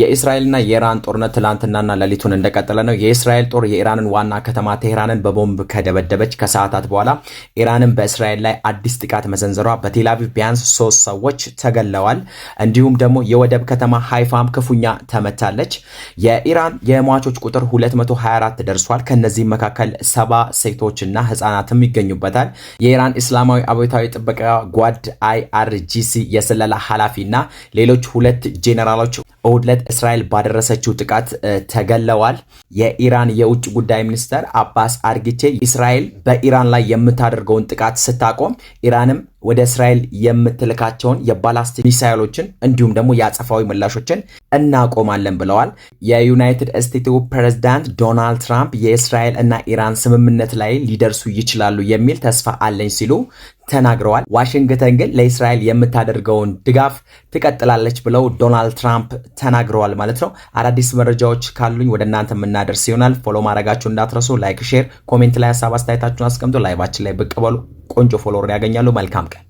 የእስራኤልና የኢራን ጦርነት ትላንትናና ሌሊቱን እንደቀጠለ ነው። የእስራኤል ጦር የኢራንን ዋና ከተማ ቴሄራንን በቦምብ ከደበደበች ከሰዓታት በኋላ ኢራንን በእስራኤል ላይ አዲስ ጥቃት መሰንዘሯ በቴላቪቭ ቢያንስ ሶስት ሰዎች ተገለዋል። እንዲሁም ደግሞ የወደብ ከተማ ሃይፋም ክፉኛ ተመታለች። የኢራን የሟቾች ቁጥር 224 ደርሷል። ከነዚህም መካከል ሰባ ሴቶችና ህጻናትም ይገኙበታል። የኢራን እስላማዊ አብዮታዊ ጥበቃ ጓድ አይአርጂሲ የስለላ ኃላፊና ሌሎች ሁለት ጄኔራሎች እሁድ ዕለት እስራኤል ባደረሰችው ጥቃት ተገለዋል። የኢራን የውጭ ጉዳይ ሚኒስተር አባስ አርጊቼ እስራኤል በኢራን ላይ የምታደርገውን ጥቃት ስታቆም ኢራንም ወደ እስራኤል የምትልካቸውን የባላስቲክ ሚሳይሎችን እንዲሁም ደግሞ የአጸፋዊ ምላሾችን እናቆማለን ብለዋል። የዩናይትድ ስቴትሱ ፕሬዝዳንት ዶናልድ ትራምፕ የእስራኤል እና ኢራን ስምምነት ላይ ሊደርሱ ይችላሉ የሚል ተስፋ አለኝ ሲሉ ተናግረዋል። ዋሽንግተን ግን ለእስራኤል የምታደርገውን ድጋፍ ትቀጥላለች ብለው ዶናልድ ትራምፕ ተናግረዋል ማለት ነው። አዳዲስ መረጃዎች ካሉኝ ወደ እናንተ የምናደርስ ይሆናል። ፎሎ ማድረጋችሁ እንዳትረሱ። ላይክ፣ ሼር፣ ኮሜንት ላይ ሀሳብ አስተያየታችሁን አስቀምጦ ላይቫችን ላይ ብቅ በሉ። ቆንጆ ፎሎወር ያገኛሉ። መልካም ቀን